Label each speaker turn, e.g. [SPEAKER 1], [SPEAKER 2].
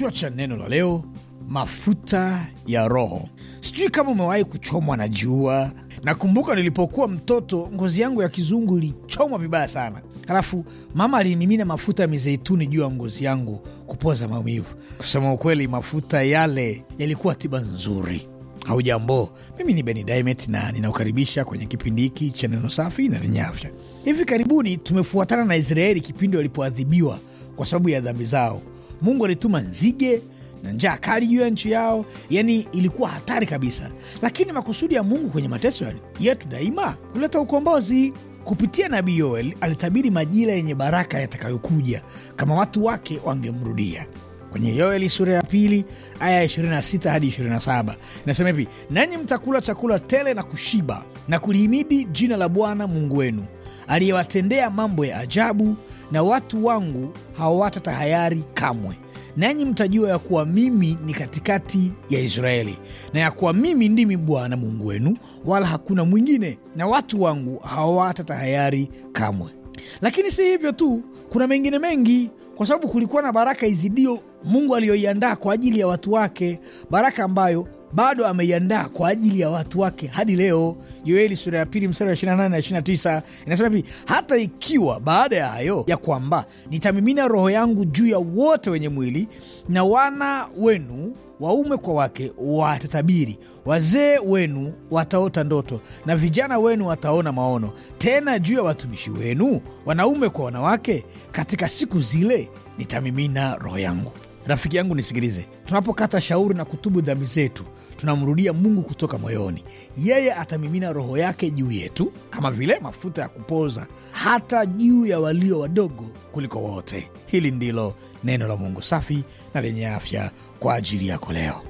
[SPEAKER 1] Kichwa cha neno la leo, mafuta ya Roho. Sijui kama umewahi kuchomwa na jua. Nakumbuka nilipokuwa mtoto, ngozi yangu ya kizungu ilichomwa vibaya sana, halafu mama alimimina mafuta ya mizeituni juu ya ngozi yangu kupoza maumivu. Kusema ukweli, mafuta yale yalikuwa tiba nzuri. au jambo mimi ni Beni Dimet na ninakukaribisha kwenye kipindi hiki cha neno safi na lenye afya. Hivi karibuni tumefuatana na Israeli kipindi walipoadhibiwa kwa sababu ya dhambi zao. Mungu alituma nzige na njaa kali juu ya nchi yao, yani ilikuwa hatari kabisa. Lakini makusudi ya Mungu kwenye mateso yetu daima kuleta ukombozi. Kupitia nabii Yoel alitabiri majira yenye baraka yatakayokuja kama watu wake wangemrudia. Kwenye Yoeli sura ya pili aya 26 hadi 27 inasema hivi: nanyi mtakula chakula tele na kushiba na kulihimidi jina la Bwana Mungu wenu, aliyewatendea mambo ya ajabu, na watu wangu tahayari kamwe. Nanyi mtajua ya kuwa mimi ni katikati ya Israeli, na ya kuwa mimi ndimi Bwana Mungu wenu, wala hakuna mwingine, na watu wangu tahayari kamwe. Lakini si hivyo tu, kuna mengine mengi, kwa sababu kulikuwa na baraka izidio Mungu aliyoiandaa kwa ajili ya watu wake, baraka ambayo bado ameiandaa kwa ajili ya watu wake hadi leo. Yoeli sura ya pili mstari wa 28 na 29 inasema hivi: hata ikiwa baada ya hayo ya kwamba nitamimina roho yangu juu ya wote wenye mwili, na wana wenu waume kwa wake watatabiri, wazee wenu wataota ndoto, na vijana wenu wataona maono. Tena juu ya watumishi wenu wanaume kwa wanawake, katika siku zile nitamimina roho yangu. Rafiki yangu nisikilize, tunapokata shauri na kutubu dhambi zetu, tunamrudia Mungu kutoka moyoni. Yeye atamimina Roho yake juu yetu kama vile mafuta ya kupoza, hata juu ya walio wadogo kuliko wote. Hili ndilo neno la Mungu safi na lenye afya kwa ajili yako leo.